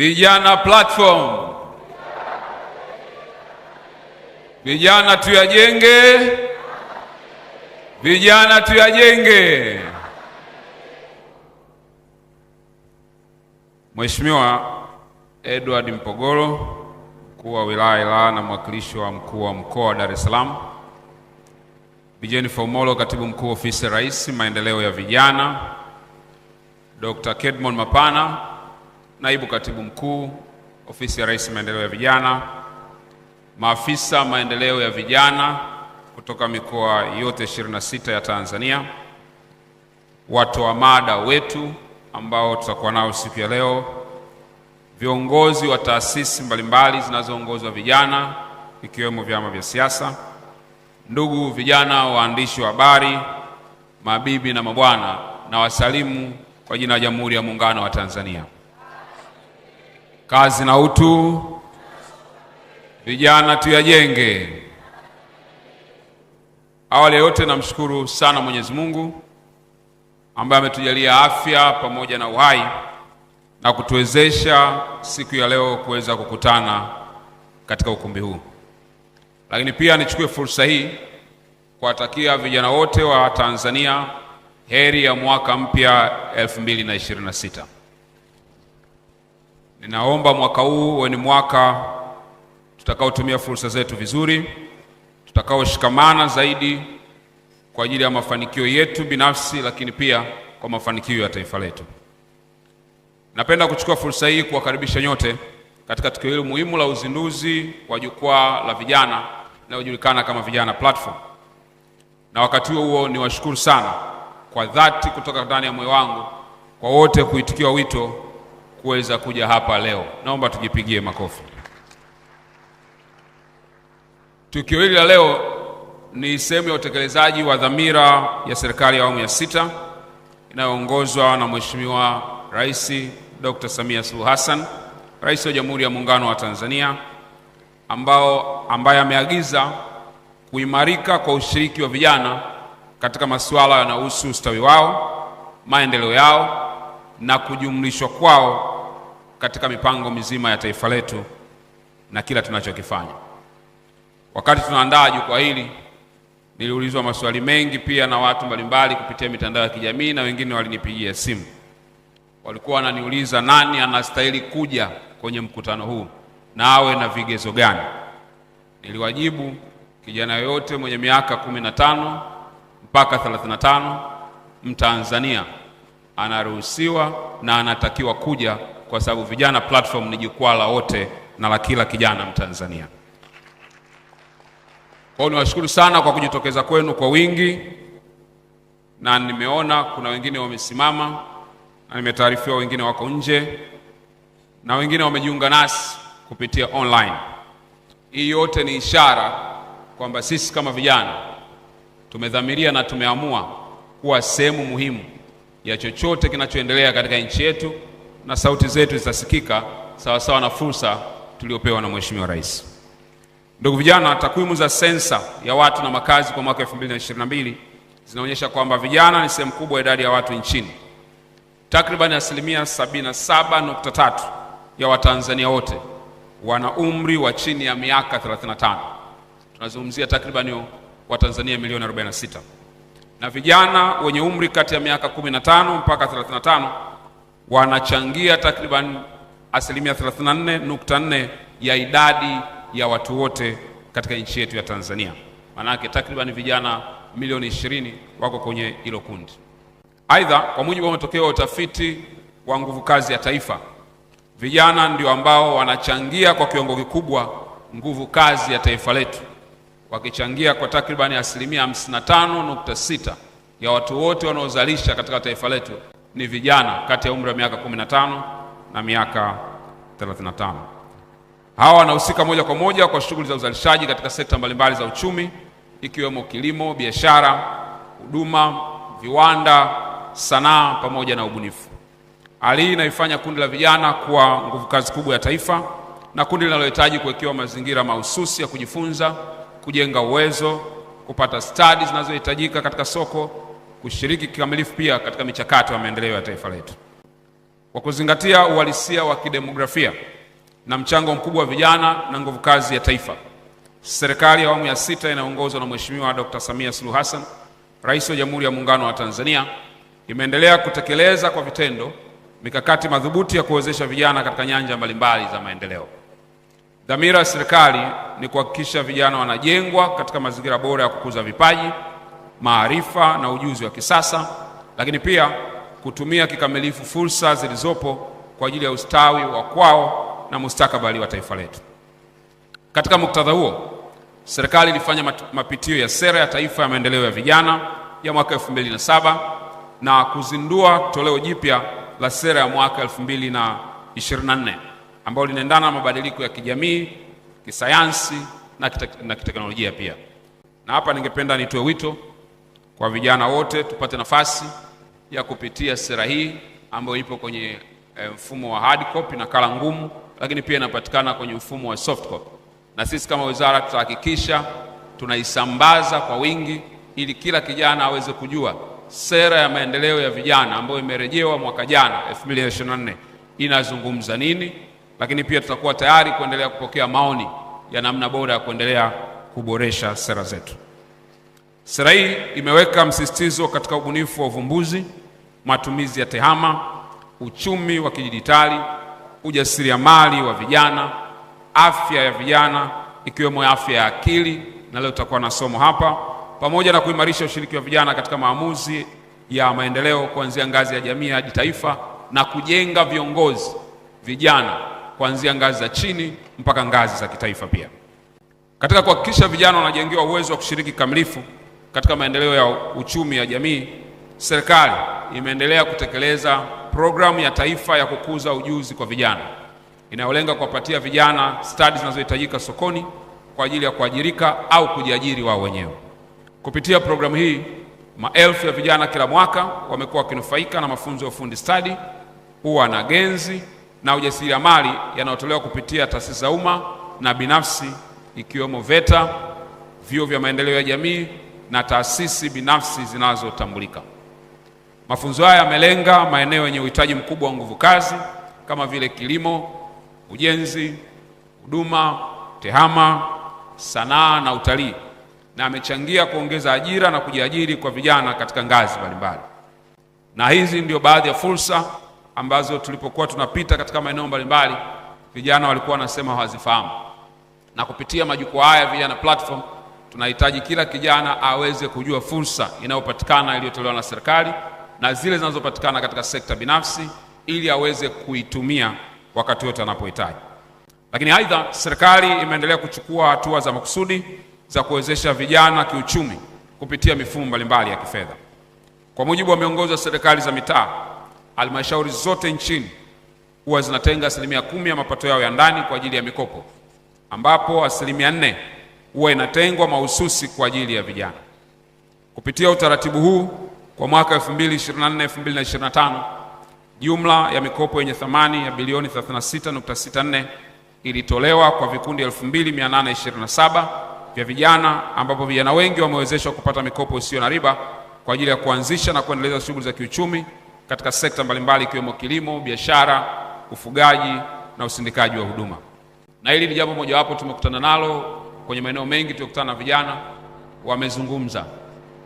Vijana platform, vijana tuyajenge, vijana tuyajenge. Mheshimiwa Edward Mpogolo, mkuu wa wilaya Ilala na mwakilishi wa mkuu wa mkoa wa Dar es Salaam, Bi Jennifer katibu mkuu ofisi ya Rais maendeleo ya vijana, Dr. Kedmon Mapana naibu katibu mkuu ofisi ya Rais maendeleo ya vijana, maafisa maendeleo ya vijana kutoka mikoa yote 26 ya Tanzania, watoa mada wetu ambao tutakuwa nao siku ya leo, viongozi wa taasisi mbalimbali zinazoongozwa vijana ikiwemo vyama vya siasa, ndugu vijana, waandishi wa habari, mabibi na mabwana, na wasalimu kwa jina la Jamhuri ya Muungano wa Tanzania kazi na utu, vijana tuyajenge. Awali ya yote, namshukuru sana Mwenyezi Mungu ambaye ametujalia afya pamoja na uhai na kutuwezesha siku ya leo kuweza kukutana katika ukumbi huu. Lakini pia nichukue fursa hii kuwatakia vijana wote wa Tanzania heri ya mwaka mpya 2026. Ninaomba mwaka huu uwe ni mwaka tutakaotumia fursa zetu vizuri, tutakaoshikamana zaidi kwa ajili ya mafanikio yetu binafsi, lakini pia kwa mafanikio ya taifa letu. Napenda kuchukua fursa hii kuwakaribisha nyote katika tukio hili muhimu la uzinduzi wa jukwaa la vijana linalojulikana kama Vijana Platform, na wakati huo huo niwashukuru sana kwa dhati kutoka ndani ya moyo wangu kwa wote kuitikia wito kuweza kuja hapa leo. Naomba tujipigie makofi. Tukio hili la leo ni sehemu ya utekelezaji wa dhamira ya serikali ya awamu ya sita inayoongozwa na Mheshimiwa Rais Dr. Samia Suluhu Hassan, Rais wa Jamhuri ya Muungano wa Tanzania, ambao ambaye ameagiza kuimarika kwa ushiriki wa vijana katika masuala yanayohusu ustawi wao, maendeleo yao na kujumlishwa kwao katika mipango mizima ya taifa letu na kila tunachokifanya. Wakati tunaandaa jukwaa hili, niliulizwa maswali mengi pia na watu mbalimbali kupitia mitandao ya kijamii, na wengine walinipigia simu, walikuwa wananiuliza nani anastahili kuja kwenye mkutano huu na awe na vigezo gani. Niliwajibu kijana yoyote mwenye miaka 15 mpaka 35, Mtanzania anaruhusiwa na anatakiwa kuja kwa sababu Vijana Platform ni jukwaa la wote na la kila kijana Mtanzania. Kwa hiyo niwashukuru sana kwa kujitokeza kwenu kwa wingi, na nimeona kuna wengine wamesimama na nimetaarifiwa wengine wako nje na wengine wamejiunga nasi kupitia online. Hii yote ni ishara kwamba sisi kama vijana tumedhamiria na tumeamua kuwa sehemu muhimu ya chochote kinachoendelea katika nchi yetu na sauti zetu zitasikika sawasawa na fursa tuliopewa na Mheshimiwa Rais. Ndugu vijana, takwimu za sensa ya watu na makazi kwa mwaka 2022 zinaonyesha kwamba vijana ni sehemu kubwa ya idadi ya watu nchini. Takribani asilimia 77.3 ya Watanzania wote wana umri wa chini ya miaka 35. Tunazungumzia takribani Watanzania milioni 46, na vijana wenye umri kati ya miaka 15 mpaka wanachangia takriban asilimia 34.4 ya idadi ya watu wote katika nchi yetu ya Tanzania. Maanake takriban vijana milioni 20 wako kwenye hilo kundi. Aidha, kwa mujibu wa matokeo ya utafiti wa nguvu kazi ya taifa, vijana ndio ambao wanachangia kwa kiwango kikubwa nguvu kazi ya taifa letu, wakichangia kwa takribani asilimia 55.6 ya watu wote wanaozalisha katika taifa letu ni vijana kati ya umri wa miaka 15 na miaka 35. Hawa wanahusika moja kwa moja kwa shughuli za uzalishaji katika sekta mbalimbali za uchumi ikiwemo kilimo, biashara, huduma, viwanda, sanaa pamoja na ubunifu. Hali hii inaifanya kundi la vijana kuwa nguvu kazi kubwa ya taifa na kundi linalohitaji kuwekewa mazingira mahususi ya kujifunza, kujenga uwezo, kupata stadi zinazohitajika katika soko kushiriki kikamilifu pia katika michakato ya maendeleo ya taifa letu kwa kuzingatia uhalisia wa kidemografia na mchango mkubwa wa vijana na nguvu kazi ya taifa. Serikali ya awamu ya sita inayoongozwa na Mheshimiwa Dr. Samia Suluhu Hassan, Rais wa Jamhuri ya Muungano wa Tanzania, imeendelea kutekeleza kwa vitendo mikakati madhubuti ya kuwezesha vijana katika nyanja mbalimbali za maendeleo. Dhamira ya serikali ni kuhakikisha vijana wanajengwa katika mazingira bora ya kukuza vipaji maarifa na ujuzi wa kisasa, lakini pia kutumia kikamilifu fursa zilizopo kwa ajili ya ustawi wa kwao na mustakabali wa taifa letu. Katika muktadha huo, serikali ilifanya mapitio ya sera ya taifa ya maendeleo ya vijana ya mwaka 2007 na kuzindua toleo jipya la sera ya mwaka 2024 ambalo linaendana na mabadiliko ya kijamii, kisayansi na kiteknolojia pia. Na hapa ningependa nitoe wito kwa vijana wote tupate nafasi ya kupitia sera hii ambayo ipo kwenye e, mfumo wa hard copy na kala ngumu, lakini pia inapatikana kwenye mfumo wa soft copy, na sisi kama wizara tutahakikisha tunaisambaza kwa wingi ili kila kijana aweze kujua sera ya maendeleo ya vijana ambayo imerejewa mwaka jana 2024 inazungumza nini, lakini pia tutakuwa tayari kuendelea kupokea maoni ya namna bora ya kuendelea kuboresha sera zetu. Sera hii imeweka msisitizo katika ubunifu wa uvumbuzi, matumizi ya tehama, uchumi wa kidijitali, ujasiriamali wa vijana, afya ya vijana ikiwemo afya ya akili, na leo tutakuwa na somo hapa, pamoja na kuimarisha ushiriki wa vijana katika maamuzi ya maendeleo kuanzia ngazi ya jamii hadi taifa, na kujenga viongozi vijana kuanzia ngazi za chini mpaka ngazi za kitaifa. Pia katika kuhakikisha vijana wanajengewa uwezo wa kushiriki kikamilifu katika maendeleo ya uchumi ya jamii, serikali imeendelea kutekeleza programu ya taifa ya kukuza ujuzi kwa vijana inayolenga kuwapatia vijana stadi zinazohitajika sokoni kwa ajili ya kuajirika au kujiajiri wao wenyewe. Kupitia programu hii, maelfu ya vijana kila mwaka wamekuwa wakinufaika na mafunzo ya ufundi stadi, uanagenzi na ujasiriamali yanayotolewa kupitia taasisi za umma na binafsi ikiwemo VETA, vyuo vya maendeleo ya jamii na taasisi binafsi zinazotambulika. Mafunzo haya yamelenga maeneo yenye uhitaji mkubwa wa nguvu kazi kama vile kilimo, ujenzi, huduma, tehama, sanaa na utalii, na amechangia kuongeza ajira na kujiajiri kwa vijana katika ngazi mbalimbali. Na hizi ndio baadhi ya fursa ambazo tulipokuwa tunapita katika maeneo mbalimbali, vijana walikuwa wanasema hawazifahamu, na kupitia majukwaa haya vijana platform Tunahitaji kila kijana aweze kujua fursa inayopatikana iliyotolewa na serikali na zile zinazopatikana katika sekta binafsi ili aweze kuitumia wakati wote anapohitaji. Lakini aidha, serikali imeendelea kuchukua hatua za makusudi za kuwezesha vijana kiuchumi kupitia mifumo mbalimbali ya kifedha. Kwa mujibu wa miongozo ya serikali za mitaa, halmashauri zote nchini huwa zinatenga asilimia kumi ya mapato yao ya ndani kwa ajili ya mikopo, ambapo asilimia nne huwa inatengwa mahususi kwa ajili ya vijana. Kupitia utaratibu huu, kwa mwaka 2024 2025 jumla ya mikopo yenye thamani ya bilioni 36.64 ilitolewa kwa vikundi 2827 vya vijana, ambapo vijana wengi wamewezeshwa kupata mikopo isiyo na riba kwa ajili ya kuanzisha na kuendeleza shughuli za kiuchumi katika sekta mbalimbali ikiwemo kilimo, biashara, ufugaji na usindikaji wa huduma. Na hili ni jambo mojawapo tumekutana nalo kwenye maeneo mengi tulikutana na vijana wamezungumza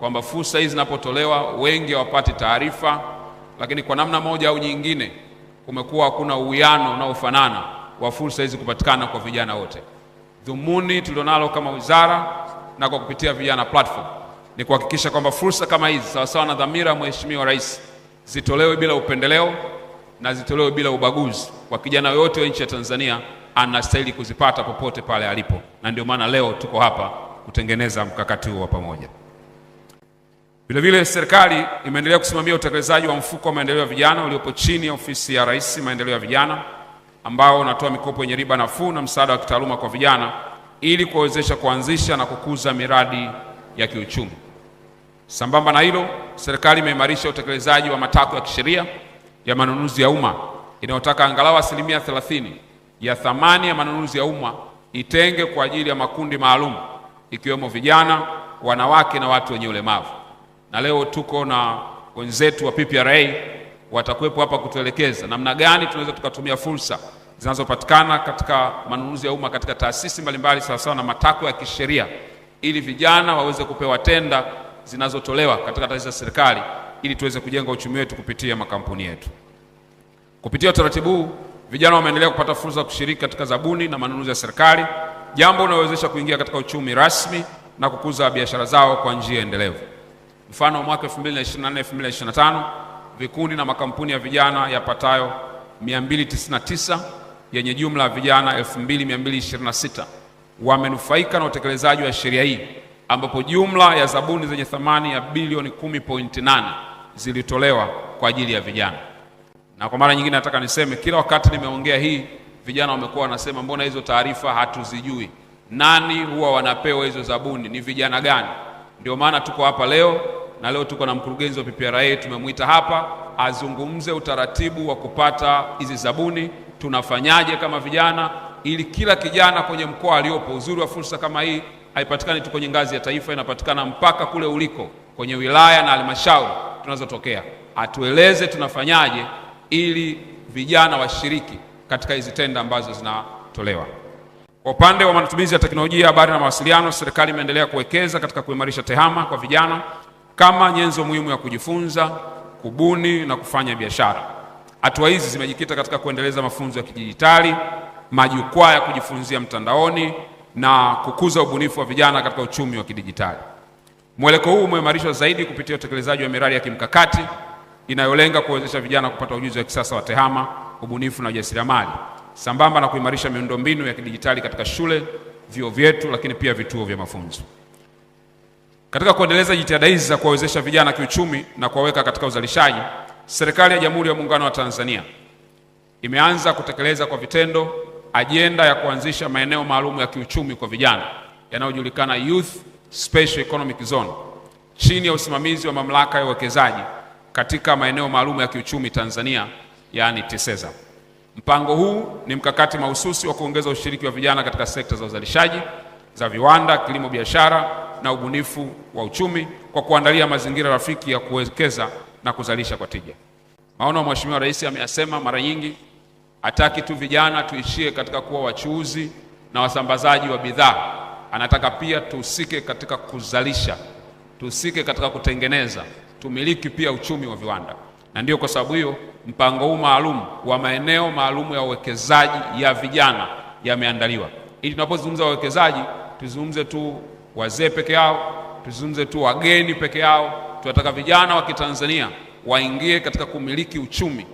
kwamba fursa hizi zinapotolewa wengi hawapati taarifa, lakini kwa namna moja au nyingine kumekuwa hakuna uwiano unaofanana wa fursa hizi kupatikana kwa vijana wote. Dhumuni tulionalo kama wizara na kwa kupitia vijana platform ni kuhakikisha kwamba fursa kama hizi sawasawa na dhamira ya Mheshimiwa Rais zitolewe bila upendeleo na zitolewe bila ubaguzi kwa kijana yoyote wa nchi ya Tanzania anastahili kuzipata popote pale alipo, na ndio maana leo tuko hapa kutengeneza mkakati huo wa pamoja. Vilevile, serikali imeendelea kusimamia utekelezaji wa mfuko wa maendeleo ya vijana uliopo chini ya ofisi ya Rais maendeleo ya vijana, ambao unatoa mikopo yenye riba nafuu na msaada wa kitaaluma kwa vijana ili kuwawezesha kuanzisha na kukuza miradi ya kiuchumi. Sambamba na hilo, serikali imeimarisha utekelezaji wa matakwa ya kisheria ya manunuzi ya umma inayotaka angalau asilimia 30 ya thamani ya manunuzi ya umma itenge kwa ajili ya makundi maalum ikiwemo vijana, wanawake na watu wenye ulemavu. Na leo tuko na wenzetu wa PPRA watakuwepo hapa kutuelekeza namna gani tunaweza tukatumia fursa zinazopatikana katika manunuzi ya umma katika taasisi mbalimbali sawasawa na matakwa ya kisheria, ili vijana waweze kupewa tenda zinazotolewa katika taasisi za serikali ili tuweze kujenga uchumi wetu kupitia makampuni yetu kupitia utaratibu huu. Vijana wameendelea kupata fursa ya kushiriki katika zabuni na manunuzi ya serikali, jambo linalowezesha kuingia katika uchumi rasmi na kukuza biashara zao kwa njia endelevu. Mfano, mwaka 2024 2025 vikundi na makampuni ya vijana yapatayo 299 yenye jumla ya vijana 2226 wamenufaika na utekelezaji wa sheria hii ambapo jumla ya zabuni zenye thamani ya bilioni 10.8 zilitolewa kwa ajili ya vijana. Na kwa mara nyingine nataka niseme, kila wakati nimeongea hii, vijana wamekuwa wanasema mbona hizo taarifa hatuzijui? Nani huwa wanapewa hizo zabuni? Ni vijana gani? Ndio maana tuko hapa leo, na leo tuko na mkurugenzi wa PPRA tumemwita hapa azungumze utaratibu wa kupata hizi zabuni, tunafanyaje kama vijana, ili kila kijana kwenye mkoa aliopo. Uzuri wa fursa kama hii haipatikani tu kwenye ngazi ya taifa, inapatikana mpaka kule uliko kwenye wilaya na halmashauri tunazotokea. Atueleze tunafanyaje ili vijana washiriki katika hizi tenda ambazo zinatolewa. Kwa upande wa matumizi ya teknolojia ya habari na mawasiliano, serikali imeendelea kuwekeza katika kuimarisha TEHAMA kwa vijana kama nyenzo muhimu ya kujifunza, kubuni na kufanya biashara. Hatua hizi zimejikita katika kuendeleza mafunzo ya kidijitali, majukwaa ya kujifunzia mtandaoni na kukuza ubunifu wa vijana katika uchumi wa kidijitali. Mweleko huu umeimarishwa zaidi kupitia utekelezaji wa miradi ya kimkakati inayolenga kuwezesha vijana kupata ujuzi wa kisasa wa tehama, ubunifu na ujasiriamali sambamba na kuimarisha miundombinu ya kidijitali katika shule, vyuo vyetu, lakini pia vituo vya mafunzo. Katika kuendeleza jitihada hizi za kuwawezesha vijana kiuchumi na kuwaweka katika uzalishaji, serikali ya Jamhuri ya Muungano wa Tanzania imeanza kutekeleza kwa vitendo ajenda ya kuanzisha maeneo maalum ya kiuchumi kwa vijana yanayojulikana Youth Special Economic Zone chini ya usimamizi wa mamlaka ya uwekezaji katika maeneo maalum ya kiuchumi Tanzania, yani TISEZA. Mpango huu ni mkakati mahususi wa kuongeza ushiriki wa vijana katika sekta za uzalishaji za viwanda, kilimo, biashara na ubunifu wa uchumi kwa kuandalia mazingira rafiki ya kuwekeza na kuzalisha kwa tija. Maono Mheshimiwa Rais ameyasema mara nyingi, hataki tu vijana tuishie katika kuwa wachuuzi na wasambazaji wa bidhaa. Anataka pia tuhusike katika kuzalisha, tuhusike katika kutengeneza tumiliki pia uchumi wa viwanda, na ndio kwa sababu hiyo mpango huu maalum wa maeneo maalum ya uwekezaji ya vijana yameandaliwa, ili tunapozungumza wawekezaji tuzungumze tu wazee peke yao, tuzungumze tu wageni peke yao. Tunataka vijana wa Kitanzania waingie katika kumiliki uchumi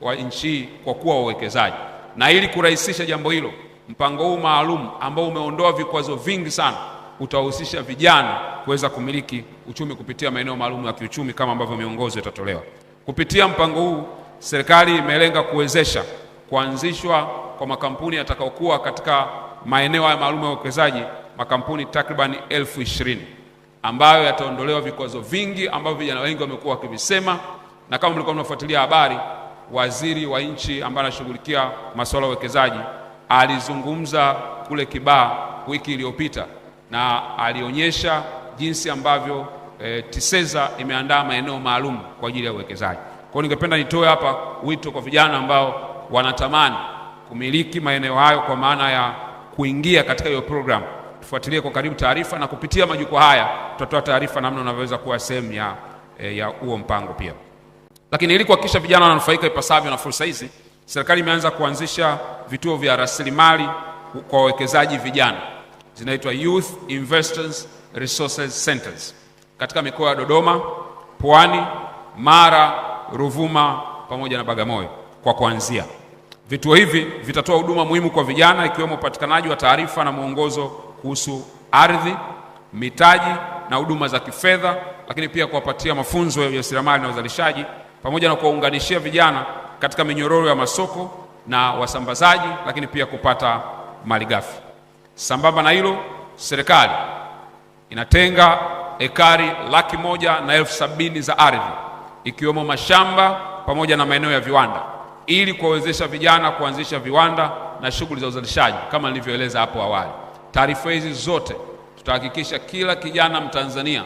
wa nchi hii kwa kuwa wawekezaji. Na ili kurahisisha jambo hilo, mpango huu maalum ambao umeondoa vikwazo vingi sana utawahusisha vijana kuweza kumiliki uchumi kupitia maeneo maalum ya kiuchumi kama ambavyo miongozo itatolewa. Kupitia mpango huu, serikali imelenga kuwezesha kuanzishwa kwa makampuni yatakayokuwa katika maeneo haya maalum ya uwekezaji, makampuni takribani elfu ishirini ambayo yataondolewa vikwazo vingi ambavyo vijana wengi wamekuwa wakivisema, na kama mlikuwa mnafuatilia habari, waziri wa nchi ambaye anashughulikia masuala ya uwekezaji alizungumza kule Kibaa wiki iliyopita na alionyesha jinsi ambavyo e, TISEZA imeandaa maeneo maalum kwa ajili ya uwekezaji. Kwa hiyo ningependa nitoe hapa wito kwa vijana ambao wanatamani kumiliki maeneo hayo kwa maana ya kuingia katika hiyo program, tufuatilie kwa karibu taarifa na kupitia majukwaa haya tutatoa taarifa namna unavyoweza kuwa sehemu ya eh, ya huo mpango pia. Lakini ili kuhakikisha vijana wananufaika ipasavyo na fursa hizi, serikali imeanza kuanzisha vituo vya rasilimali kwa wawekezaji vijana zinaitwa Youth Investors Resources Centers katika mikoa ya Dodoma, Pwani, Mara, Ruvuma pamoja na Bagamoyo kwa kuanzia. Vituo hivi vitatoa huduma muhimu kwa vijana ikiwemo upatikanaji wa taarifa na mwongozo kuhusu ardhi, mitaji na huduma za kifedha, lakini pia kuwapatia mafunzo ya ujasiriamali na uzalishaji pamoja na kuwaunganishia vijana katika minyororo ya masoko na wasambazaji, lakini pia kupata malighafi. Sambamba na hilo, serikali inatenga ekari laki moja na elfu sabini za ardhi ikiwemo mashamba pamoja na maeneo ya viwanda ili kuwawezesha vijana kuanzisha viwanda na shughuli za uzalishaji kama nilivyoeleza hapo awali. Taarifa hizi zote tutahakikisha kila kijana Mtanzania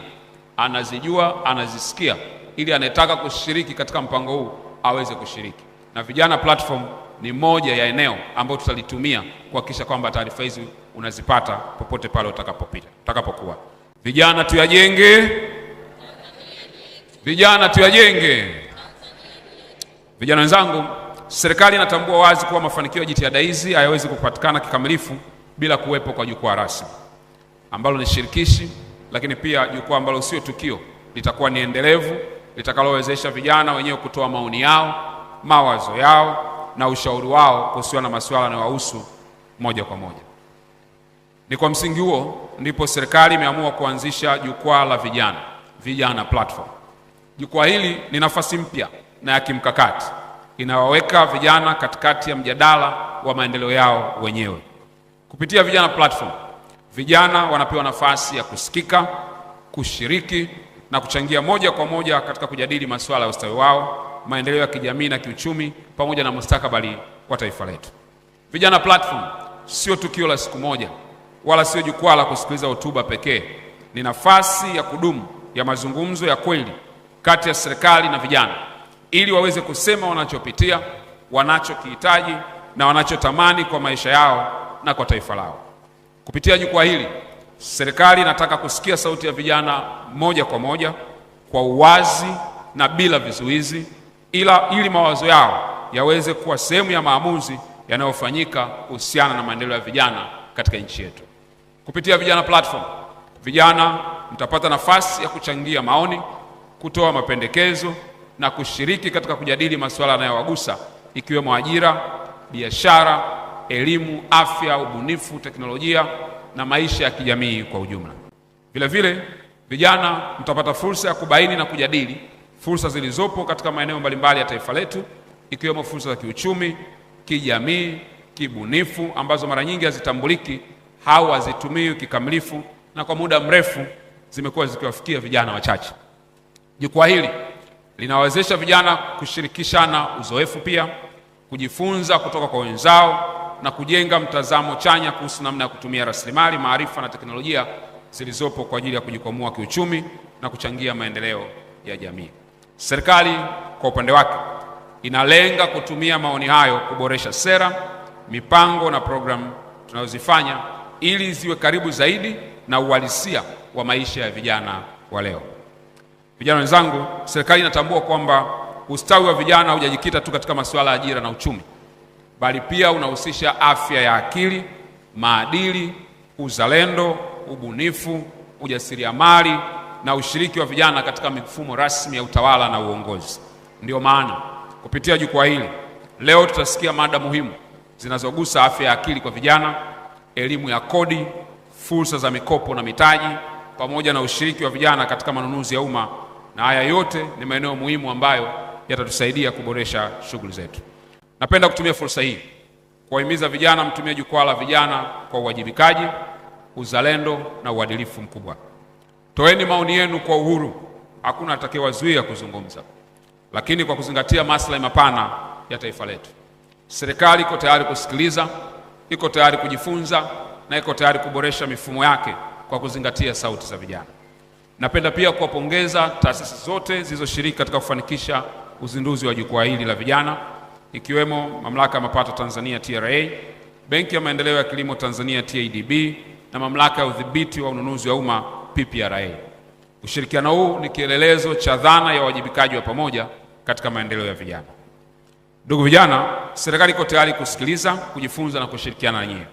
anazijua, anazisikia ili anayetaka kushiriki katika mpango huu aweze kushiriki. Na vijana platform ni moja ya eneo ambayo tutalitumia kuhakikisha kwamba taarifa hizi unazipata popote pale utakapopita utakapokuwa. Vijana tuyajenge, vijana tuyajenge. Vijana wenzangu, serikali inatambua wazi kuwa mafanikio ya jitihada hizi hayawezi kupatikana kikamilifu bila kuwepo kwa jukwaa rasmi ambalo ni shirikishi, lakini pia jukwaa ambalo sio tukio, litakuwa ni endelevu litakalowezesha vijana wenyewe kutoa maoni yao, mawazo yao na ushauri wao kuhusiana na masuala yanayowahusu moja kwa moja. Ni kwa msingi huo ndipo serikali imeamua kuanzisha jukwaa la vijana, vijana platform. Jukwaa hili ni nafasi mpya na ya kimkakati inawaweka vijana katikati ya mjadala wa maendeleo yao wenyewe. Kupitia vijana platform, vijana wanapewa nafasi ya kusikika, kushiriki na kuchangia moja kwa moja katika kujadili masuala ya ustawi wao, maendeleo ya kijamii na kiuchumi, pamoja na mustakabali wa taifa letu. Vijana platform sio tukio la siku moja wala sio jukwaa la kusikiliza hotuba pekee. Ni nafasi ya kudumu ya mazungumzo ya kweli kati ya serikali na vijana, ili waweze kusema wanachopitia, wanachokihitaji na wanachotamani kwa maisha yao na kwa taifa lao. Kupitia jukwaa hili, serikali inataka kusikia sauti ya vijana moja kwa moja, kwa uwazi na bila vizuizi, ila ili mawazo yao yaweze kuwa sehemu ya maamuzi yanayofanyika kuhusiana na maendeleo ya vijana katika nchi yetu. Kupitia vijana platform, vijana mtapata nafasi ya kuchangia maoni, kutoa mapendekezo na kushiriki katika kujadili masuala yanayowagusa ikiwemo ajira, biashara, elimu, afya, ubunifu, teknolojia na maisha ya kijamii kwa ujumla. Vilevile vijana mtapata fursa ya kubaini na kujadili fursa zilizopo katika maeneo mbalimbali ya taifa letu ikiwemo fursa za kiuchumi, kijamii, kibunifu ambazo mara nyingi hazitambuliki au hazitumiwi kikamilifu na kwa muda mrefu zimekuwa zikiwafikia vijana wachache. Jukwaa hili linawawezesha vijana kushirikishana uzoefu, pia kujifunza kutoka kwa wenzao na kujenga mtazamo chanya kuhusu namna ya kutumia rasilimali, maarifa na teknolojia zilizopo kwa ajili ya kujikwamua kiuchumi na kuchangia maendeleo ya jamii. Serikali kwa upande wake inalenga kutumia maoni hayo kuboresha sera, mipango na programu tunazozifanya ili ziwe karibu zaidi na uhalisia wa maisha ya vijana wa leo. Vijana wenzangu, serikali inatambua kwamba ustawi wa vijana hujajikita tu katika masuala ya ajira na uchumi, bali pia unahusisha afya ya akili, maadili, uzalendo, ubunifu, ujasiriamali na ushiriki wa vijana katika mifumo rasmi ya utawala na uongozi. Ndiyo maana kupitia jukwaa hili leo tutasikia mada muhimu zinazogusa afya ya akili kwa vijana elimu ya kodi, fursa za mikopo na mitaji, pamoja na ushiriki wa vijana katika manunuzi ya umma, na haya yote ni maeneo muhimu ambayo yatatusaidia kuboresha shughuli zetu. Napenda kutumia fursa hii kuwahimiza vijana mtumie jukwaa la vijana kwa uwajibikaji, uzalendo na uadilifu mkubwa. Toeni maoni yenu kwa uhuru, hakuna atakayewazuia kuzungumza, lakini kwa kuzingatia maslahi mapana ya taifa letu. Serikali iko tayari kusikiliza iko tayari kujifunza na iko tayari kuboresha mifumo yake kwa kuzingatia sauti za vijana. Napenda pia kuwapongeza taasisi zote zilizoshiriki katika kufanikisha uzinduzi wa jukwaa hili la vijana, ikiwemo Mamlaka ya Mapato Tanzania TRA, Benki ya Maendeleo ya Kilimo Tanzania TADB na Mamlaka ya Udhibiti wa Ununuzi wa Umma PPRA. Ushirikiano huu ni kielelezo cha dhana ya uwajibikaji wa pamoja katika maendeleo ya vijana. Ndugu vijana, serikali iko tayari kusikiliza, kujifunza na kushirikiana na nyinyi.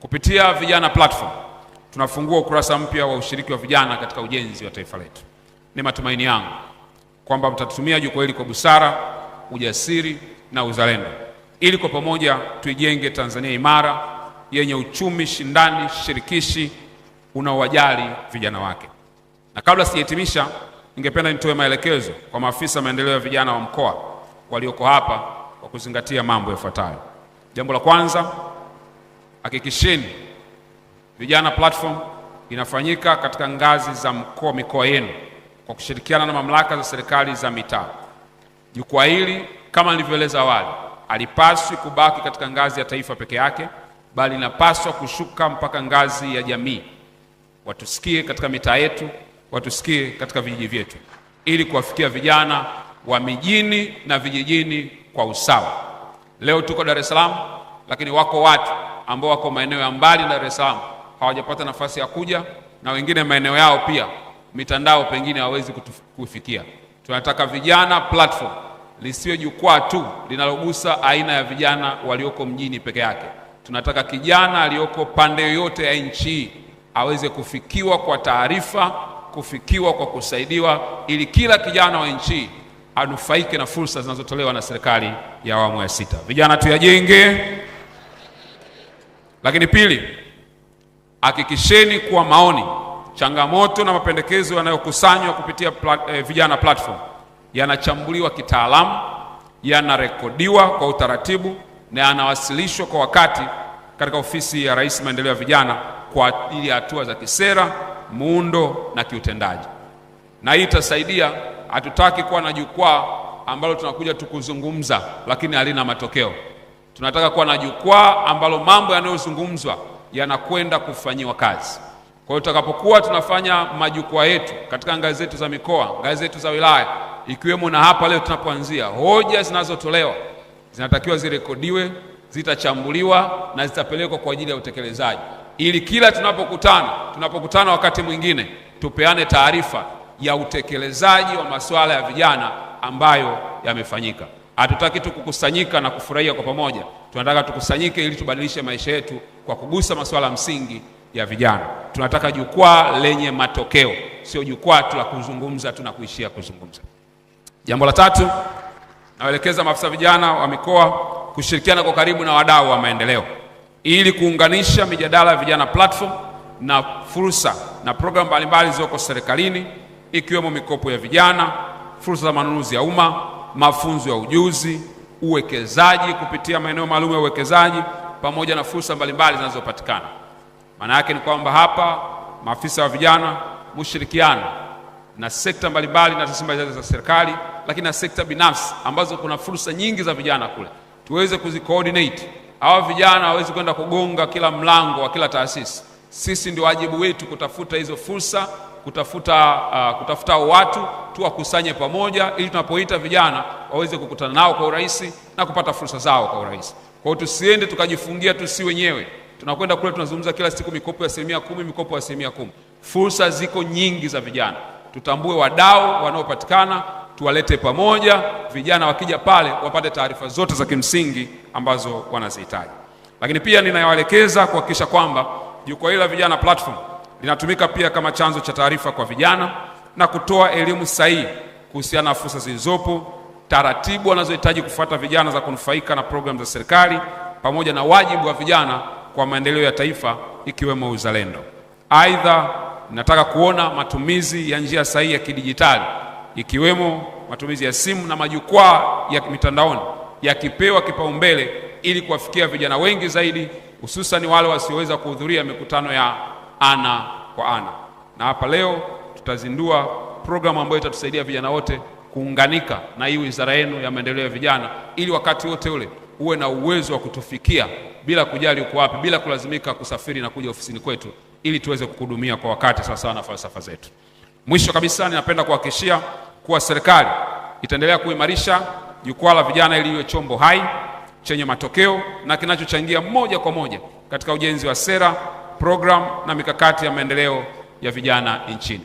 Kupitia vijana platform tunafungua ukurasa mpya wa ushiriki wa vijana katika ujenzi wa taifa letu. Ni matumaini yangu kwamba mtatumia jukwaa hili kwa busara, ujasiri na uzalendo ili kwa pamoja tuijenge Tanzania imara yenye uchumi shindani, shirikishi unaowajali vijana wake. Na kabla sijahitimisha, ningependa nitoe maelekezo kwa maafisa maendeleo ya vijana wa mkoa walioko hapa kwa kuzingatia mambo yafuatayo. Jambo la kwanza, hakikisheni vijana platform inafanyika katika ngazi za mkoa, mikoa yenu kwa kushirikiana na mamlaka za serikali za mitaa. Jukwaa hili kama nilivyoeleza awali, alipaswi kubaki katika ngazi ya taifa peke yake, bali inapaswa kushuka mpaka ngazi ya jamii. Watusikie katika mitaa yetu, watusikie katika vijiji vyetu, ili kuwafikia vijana wa mijini na vijijini kwa usawa. Leo tuko Dar es Salaam, lakini wako watu ambao wako maeneo ya mbali Dar es Salaam hawajapata nafasi ya kuja, na wengine maeneo yao pia mitandao pengine hawawezi kufikia. Tunataka vijana platform lisiwe jukwaa tu linalogusa aina ya vijana walioko mjini peke yake. Tunataka kijana aliyoko pande yoyote ya nchi aweze kufikiwa kwa taarifa, kufikiwa kwa kusaidiwa, ili kila kijana wa nchi anufaike na fursa zinazotolewa na serikali ya awamu ya sita. Vijana tuyajenge. Lakini pili, hakikisheni kuwa maoni, changamoto na mapendekezo yanayokusanywa kupitia plat, eh, vijana platform yanachambuliwa kitaalamu, yanarekodiwa kwa utaratibu na yanawasilishwa kwa wakati katika ofisi ya Rais maendeleo ya vijana kwa ajili ya hatua za kisera, muundo na kiutendaji, na hii itasaidia hatutaki kuwa na jukwaa ambalo tunakuja tukuzungumza lakini halina matokeo. Tunataka kuwa na jukwaa ambalo mambo yanayozungumzwa yanakwenda kufanyiwa kazi. Kwa hiyo tutakapokuwa tunafanya majukwaa yetu katika ngazi zetu za mikoa, ngazi zetu za wilaya, ikiwemo na hapa leo tunapoanzia, hoja zinazotolewa zinatakiwa zirekodiwe, zitachambuliwa na zitapelekwa kwa ajili ya utekelezaji, ili kila tunapokutana tunapokutana wakati mwingine tupeane taarifa ya utekelezaji wa masuala ya vijana ambayo yamefanyika. Hatutaki tu kukusanyika na kufurahia kwa pamoja, tunataka tukusanyike ili tubadilishe maisha yetu kwa kugusa masuala msingi ya vijana. Tunataka jukwaa lenye matokeo, sio jukwaa tu la kuzungumza tu na kuishia kuzungumza. Jambo la tatu, nawaelekeza maafisa vijana wa mikoa kushirikiana kwa karibu na wadau wa maendeleo ili kuunganisha mijadala ya vijana platform na fursa na programu mbalimbali zilizoko serikalini ikiwemo mikopo ya vijana, fursa za manunuzi ya umma, mafunzo ya ujuzi, uwekezaji kupitia maeneo maalum ya uwekezaji pamoja na fursa mbalimbali zinazopatikana. Maana yake ni kwamba hapa maafisa wa vijana mushirikiano na sekta mbalimbali na taasisi mbalimbali za serikali, lakini na sekta binafsi ambazo kuna fursa nyingi za vijana kule, tuweze kuzicoordinate. Hawa vijana hawezi kwenda kugonga kila mlango wa kila taasisi. Sisi ndio wajibu wetu kutafuta hizo fursa kutafuta, uh, kutafuta watu tuwakusanye pamoja, ili tunapoita vijana waweze kukutana nao kwa urahisi na kupata fursa zao kwa urahisi. Kwa hiyo tusiende tukajifungia tu si wenyewe, tunakwenda kule tunazungumza kila siku mikopo ya asilimia kumi, mikopo ya asilimia kumi. Fursa ziko nyingi za vijana, tutambue wadau wanaopatikana, tuwalete pamoja. Vijana wakija pale wapate taarifa zote za kimsingi ambazo wanazihitaji, lakini pia ninawaelekeza kuhakikisha kwamba jukwaa hili la vijana platform Linatumika pia kama chanzo cha taarifa kwa vijana na kutoa elimu sahihi kuhusiana na fursa zilizopo, taratibu wanazohitaji kufuata vijana za kunufaika na programu za serikali, pamoja na wajibu wa vijana kwa maendeleo ya taifa ikiwemo uzalendo. Aidha, nataka kuona matumizi ya njia sahihi ya kidijitali ikiwemo matumizi ya simu na majukwaa ya mitandaoni yakipewa kipaumbele ili kuwafikia vijana wengi zaidi, hususan wale wasioweza kuhudhuria mikutano ya ana kwa ana. Na hapa leo tutazindua programu ambayo itatusaidia vijana wote kuunganika na hii wizara yenu ya maendeleo ya vijana, ili wakati wote ule uwe na uwezo wa kutufikia bila kujali uko wapi, bila kulazimika kusafiri na kuja ofisini kwetu, ili tuweze kukuhudumia kwa wakati sawasawa na falsafa zetu. Mwisho kabisa, ninapenda kuhakikishia kuwa serikali itaendelea kuimarisha jukwaa la vijana ili iwe chombo hai chenye matokeo na kinachochangia moja kwa moja katika ujenzi wa sera program na mikakati ya maendeleo ya vijana nchini,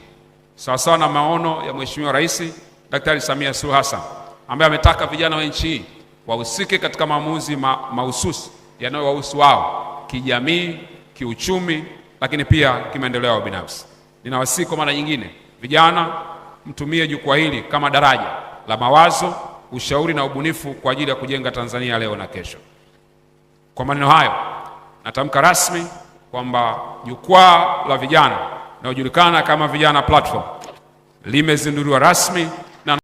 sawasawa na maono ya Mheshimiwa Rais Daktari Samia Suluhu Hassan ambaye ametaka vijana wa nchi hii wahusike katika maamuzi ma, mahususi yanayowahusu wao kijamii, kiuchumi, lakini pia kimaendeleo binafsi. Ninawasihi kwa mara nyingine, vijana mtumie jukwaa hili kama daraja la mawazo, ushauri na ubunifu kwa ajili ya kujenga Tanzania leo na kesho. Kwa maneno hayo natamka rasmi kwamba jukwaa la vijana linalojulikana kama Vijana Platform limezinduliwa rasmi.